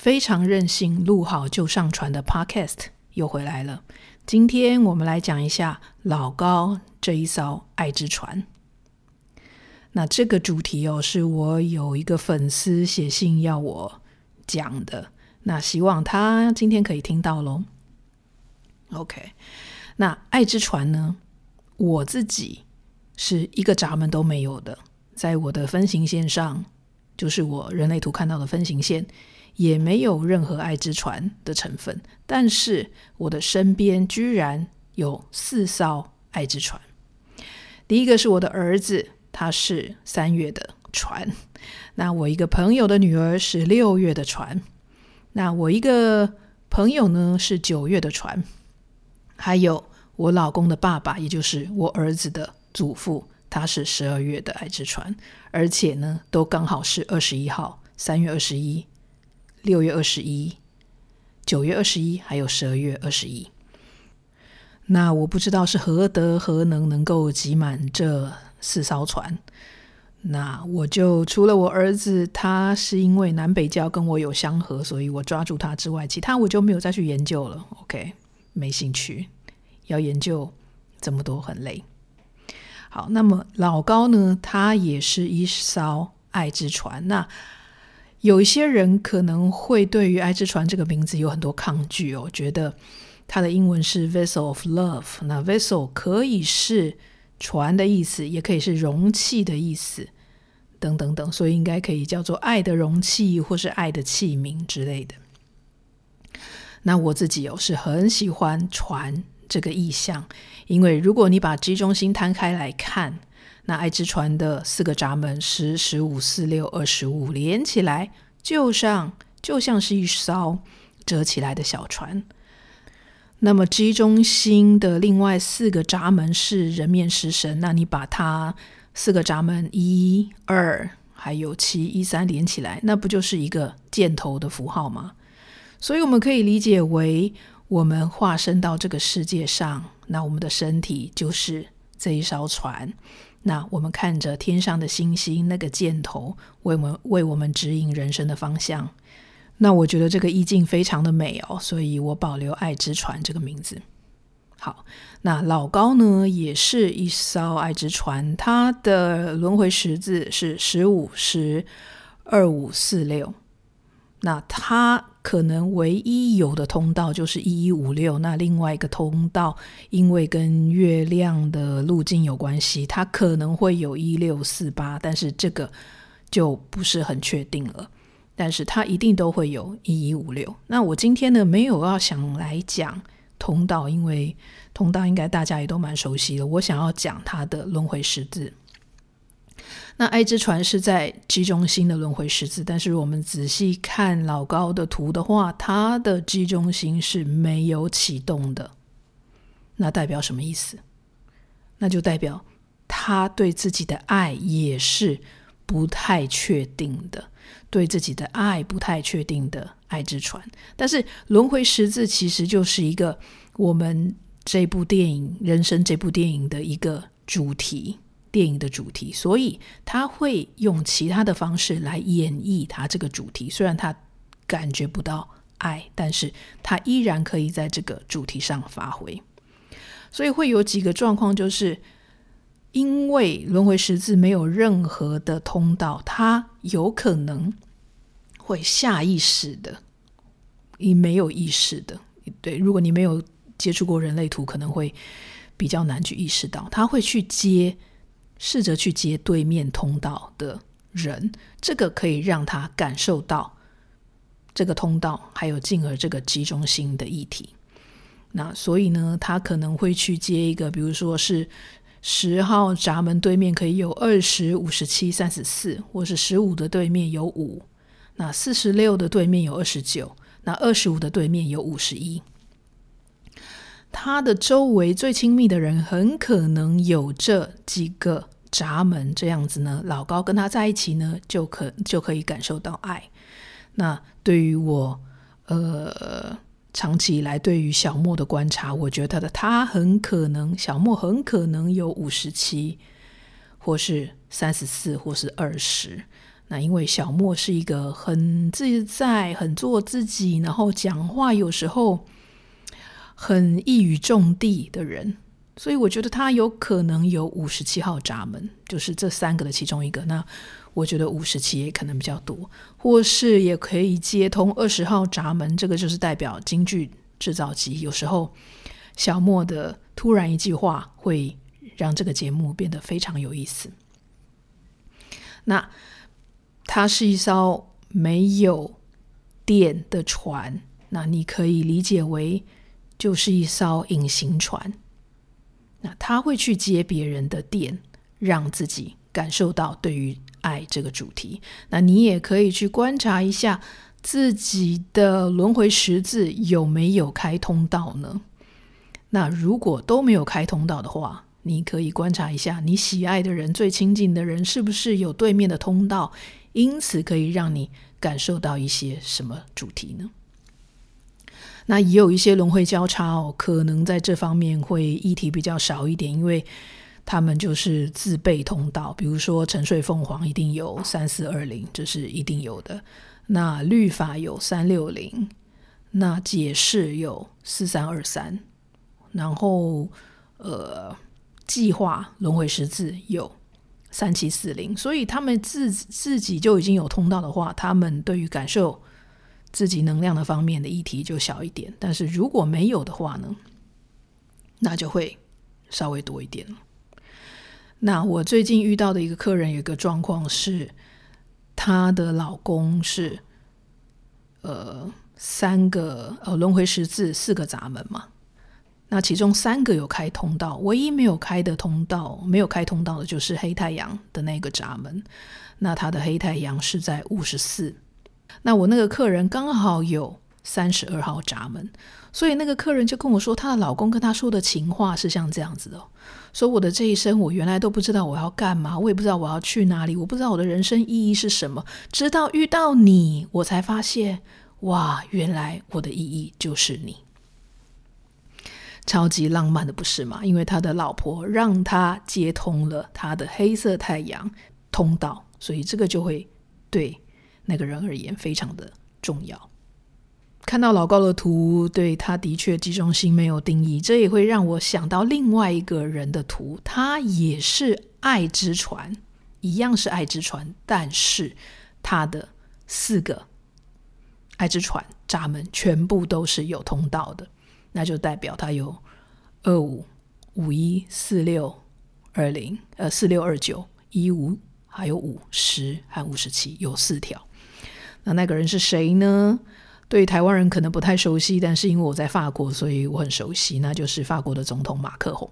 非常任性，錄好就上傳的 Podcast 又回來了。今天我們來講一下老高這一艘愛之船。那這個主題哦，是我有一個粉絲寫信要我講的，那希望他今天可以聽到嘍。OK，那愛之船呢？我自己是一個閘門都沒有的，在我的分行線上。就是我人類圖看到的分形線，也沒有任何愛之船的成分。但是我的身邊居然有四艘愛之船。第一個是我的兒子，他是三月的船。那我一個朋友的女兒是六月的船。那我一個朋友呢是九月的船。還有我老公的爸爸，也就是我兒子的祖父。他是十二月的愛之船，而且呢，都剛好是二十一號：三月二十一、六月二十一、九月二十一，還有十二月二十一。那我不知道是何德何能能夠擠滿這四艘船。那我就除了我兒子，他是因為南北交跟我有相合，所以我抓住他之外，其他我就沒有再去研究了。OK，沒興趣，要研究這麼多很累。好，那麼老高呢？他也是一艘愛之船。那有一些人可能會對於“愛之船”這個名字有很多抗拒哦，覺得它的英文是 “vessel of love”。那 “vessel” 可以是船的意思，也可以是容器的意思，等等等，所以應該可以叫做“愛的容器”或是“愛的器皿”之類的。那我自己有、哦、是很喜歡船。這個意象，因為如果你把 G 中心攤開來看，那愛之船的四個閘門十、十五、四六、二十五連起來，就像就像是一艘折起來的小船。那麼 G 中心的另外四個閘門是人面獅身，那你把它四個閘門一二還有七一三連起來，那不就是一個箭頭的符號嗎？所以我們可以理解為。我們化身到這個世界上，那我們的身體就是這一艘船。那我們看着天上的星星，那個箭頭為我們為我們指引人生的方向。那我覺得這個意境非常的美哦，所以我保留“愛之船”這個名字。好，那老高呢也是一艘愛之船，他的輪迴十字是十五、十、二五、四六。那他可能唯一有的通道就是一一五六，那另外一個通道因為跟月亮的路徑有關係，它可能會有一六四八，但是這個就不是很確定了。但是它一定都會有一一五六。那我今天呢，沒有要想來講通道，因為通道應該大家也都蠻熟悉的。我想要講它的輪回十字。那愛之船是在 G 中心的輪迴十字，但是我們仔細看老高的圖的話，他的 G 中心是沒有啟動的。那代表什麼意思？那就代表他對自己的愛也是不太確定的，對自己的愛不太確定的愛之船。但是輪迴十字其實就是一個我們這部電影，人生這部電影的一個主題。電影的主題，所以他會用其他的方式來演繹他這個主題。雖然他感覺不到愛，但是他依然可以在這個主題上發揮。所以會有幾個狀況，就是因為輪回十字沒有任何的通道，他有可能會下意識的，你沒有意識的，對，如果你沒有接觸過人類圖，可能會比較難去意識到，他會去接。試着去接對面通道的人。這個可以讓他感受到這個通道，還有進而這個集中心的議題。那所以呢，他可能會去接一個，比如說是十號閘門對面可以有二十、五十七、三十四，或是十五的對面有五，那四十六的對面有二十九，那二十五的對面有五十一。他的周圍最親密的人很可能有這幾個閘門，這樣子呢，老高跟他在一起呢，就可就可以感受到愛。那對於我，呃，長期以來對於小莫的觀察，我覺得他的他很可能小莫很可能有五十七，或是三十四，或是二十。那因為小莫是一個很自在、很做自己，然後講話有時候。很一語中的人，所以我覺得他有可能有五十七號閘門，就是這三個的其中一個。那我覺得五十七也可能比較多，或是也可以接通二十號閘門，這個就是代表金句製造機。有時候小莫的突然一句話會讓這個節目變得非常有意思。那它是一艘沒有電的船，那你可以理解為。就是一艘隱形船，那他會去接別人的電，讓自己感受到對於愛這個主題。那你也可以去觀察一下自己的輪迴十字有沒有開通道呢？那如果都沒有開通道的話，你可以觀察一下你喜愛的人、最親近的人是不是有對面的通道，因此可以讓你感受到一些什麼主題呢？那也有一些輪迴交叉哦，可能在這方面會議題比較少一點，因為他們就是自備通道，比如說沉睡鳳凰一定有三四二零，這是一定有的。那律法有三六零，那解釋有四三二三，然後呃，計劃輪迴十字有三七四零，所以他們自自己就已經有通道的話，他們對於感受。自己能量的方面的議題就小一點，但是如果沒有的話呢，那就會稍微多一點。那我最近遇到的一個客人有一個狀況是，他的老公是呃三個呃輪回十字四個閘門嘛，那其中三個有開通道，唯一沒有開的通道，沒有開通道的就是黑太陽的那個閘門，那他的黑太陽是在五十四。那我那個客人剛好有三十二號閘門，所以那個客人就跟我說，她的老公跟她說的情話是像這樣子的，哦，說我的這一生，我原來都不知道我要幹嘛，我也不知道我要去哪裡，我不知道我的人生意義是什麼，直到遇到你，我才發現，哇，原來我的意義就是你，超級浪漫的，不是嗎？因為他的老婆讓他接通了他的黑色太陽通道，所以這個就會對。那個人而言非常的重要。看到老高的圖，對他的確集中心沒有定義，這也會讓我想到另外一個人的圖，他也是愛之船，一樣是愛之船，但是他的四個愛之船閘門全部都是有通道的，那就代表他有二五五一四六二零呃四六二九一五還有五十還有五十七，有四條。那那個人是誰呢？對台灣人可能不太熟悉，但是因為我在法國，所以我很熟悉。那就是法國的總統馬克宏。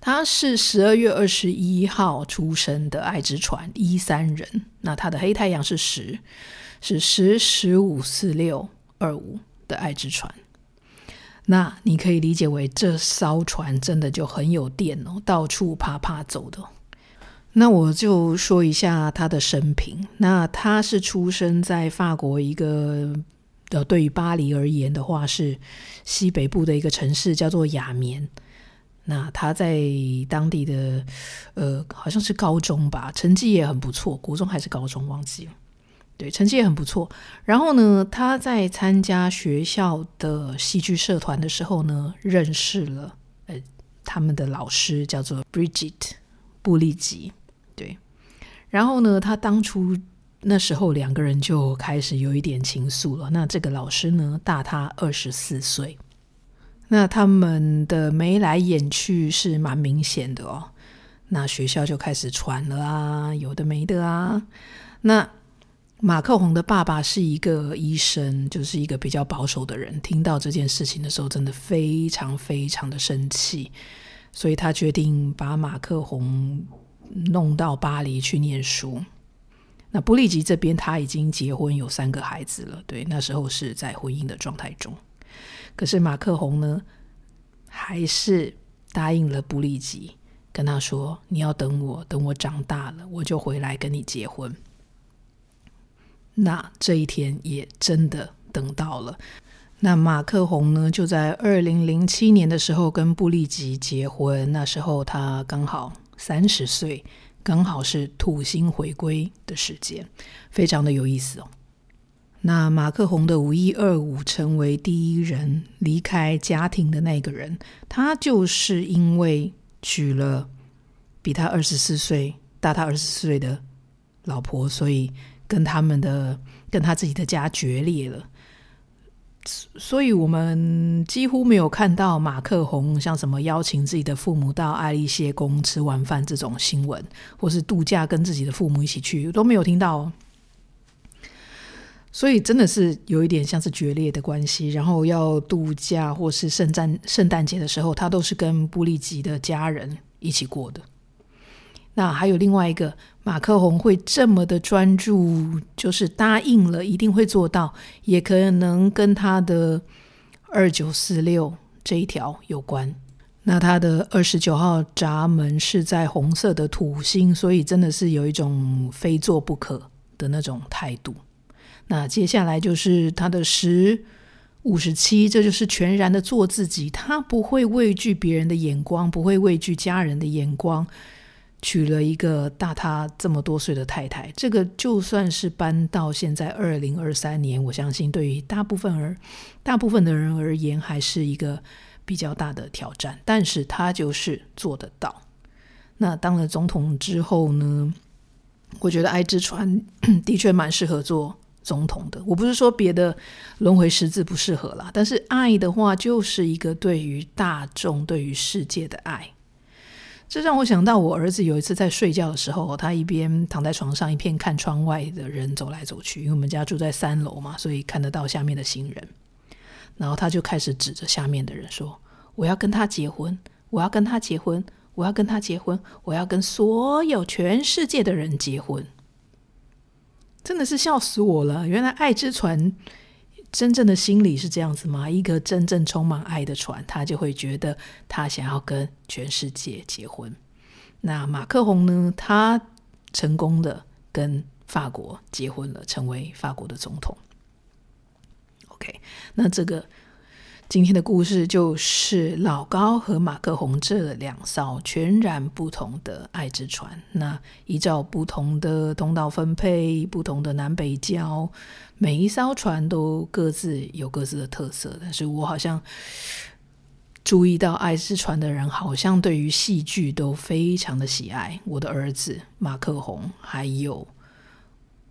他是十二月二十一號出生的，愛之船一三、e、人。那他的黑太陽是十，是十十五四六二五的愛之船。那你可以理解為這艘船真的就很有電，哦，到處爬爬走的。那我就說一下他的生平。那他是出生在法國一個呃，對於巴黎而言的話是西北部的一個城市，叫做亞眠。那他在當地的呃，好像是高中吧，成績也很不錯，國中還是高中忘記了。對，成績也很不錯。然後呢，他在參加學校的戲劇社團的時候呢，認識了呃，他們的老師叫做 Brigitte 布利吉。然後呢，他當初那時候兩個人就開始有一點情愫了。那這個老師呢，大他二十四歲，那他們的眉來眼去是蠻明顯的哦。那學校就開始傳了啊，有的沒的啊。那馬克宏的爸爸是一個醫生，就是一個比較保守的人。聽到這件事情的時候，真的非常非常的生氣，所以他決定把馬克宏。弄到巴黎去念書。那布利吉這邊他已經結婚有三個孩子了，對，那時候是在婚姻的狀態中。可是馬克洪呢，還是答應了布利吉，跟他說：“你要等我，等我長大了，我就回來跟你結婚。”那這一天也真的等到了。那馬克洪呢，就在二零零七年的時候跟布利吉結婚。那時候他剛好。三十歲剛好是土星回歸的時間，非常的有意思哦。那馬克宏的五一二五成為第一人，離開家庭的那個人，他就是因為娶了比他二十四歲、大他二十四歲的老婆，所以跟他們的、跟他自己的家決裂了。所以，我們幾乎沒有看到馬克宏像什麼邀請自己的父母到愛麗舍宮吃完飯這種新聞，或是度假跟自己的父母一起去都沒有聽到。所以，真的是有一點像是決裂的關係。然後，要度假或是聖誕聖誕節的時候，他都是跟布利吉的家人一起過的。那還有另外一個馬克宏會這麼的專注，就是答應了，一定會做到，也可能跟他的二九四六這一條有關。那他的二十九號閘門是在紅色的土星，所以真的是有一種非做不可的那種態度。那接下來就是他的十五十七，這就是全然的做自己，他不會畏懼別人的眼光，不會畏懼家人的眼光。娶了一個大他這麼多歲的太太，這個就算是搬到現在二零二三年，我相信對於大部分而大部分的人而言，還是一個比較大的挑戰。但是他就是做得到。那當了總統之後呢？我覺得愛之船的確蠻適合做總統的。我不是說別的輪回十字不適合啦，但是愛的話，就是一個對於大眾、對於世界的愛。這讓我想到，我兒子有一次在睡覺的時候，他一邊躺在床上，一邊看窗外的人走來走去。因為我們家住在三樓嘛，所以看得到下面的行人。然後他就開始指着下面的人說：“我要跟他結婚，我要跟他結婚，我要跟他結婚，我要跟所有全世界的人結婚。”真的是笑死我了！原來愛之船。真正的心理是這樣子嗎？一個真正充滿愛的船，他就會覺得他想要跟全世界結婚。那馬克宏呢？他成功的跟法國結婚了，成為法國的總統。OK，那這個。今天的故事就是老高和馬克宏這兩艘全然不同的愛之船。那依照不同的通道分配、不同的南北交，每一艘船都各自有各自的特色。但是我好像注意到，愛之船的人好像對於戲劇都非常的喜愛。我的兒子馬克宏，還有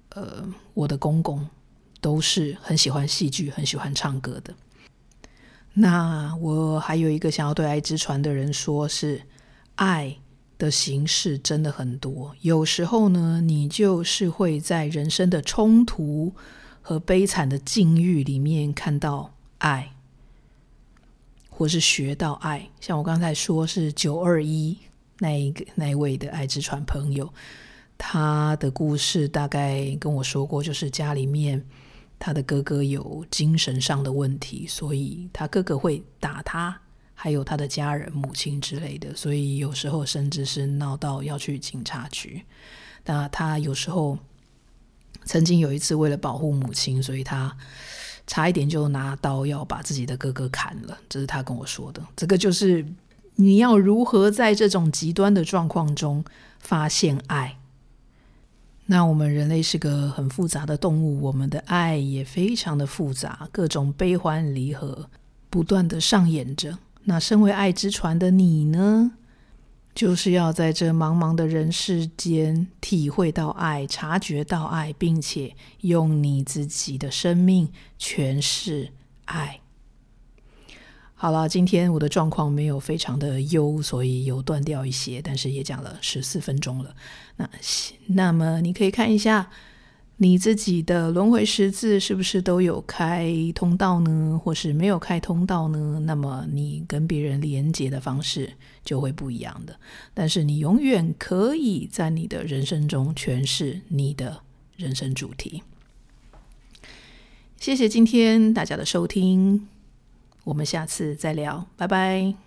呃我的公公，都是很喜歡戲劇、很喜歡唱歌的。那我還有一個想要對愛之船的人說，是愛的形式真的很多。有時候呢，你就是會在人生的衝突和悲慘的境遇裡面看到愛，或是學到愛。像我剛才說，是九二一那一個那一位的愛之船朋友，他的故事大概跟我說過，就是家裡面。他的哥哥有精神上的問題，所以他哥哥會打他，還有他的家人、母親之類的，所以有時候甚至是鬧到要去警察局。那他有時候曾經有一次為了保護母親，所以他差一點就拿刀要把自己的哥哥砍了。這是他跟我說的。這個就是你要如何在這種極端的狀況中發現愛。那我們人類是個很複雜的動物，我們的愛也非常的複雜，各種悲歡離合不斷的上演着。那身為愛之船的你呢，就是要在這茫茫的人世間體會到愛，察覺到愛，並且用你自己的生命詮釋愛。好了，今天我的狀況沒有非常的優，所以有斷掉一些，但是也講了十四分鐘了。那那麼你可以看一下你自己的輪回十字是不是都有開通道呢，或是沒有開通道呢？那麼你跟別人連接的方式就會不一樣的。但是你永遠可以在你的人生中詮釋你的人生主題。謝謝今天大家的收聽。我們下次再聊，拜拜。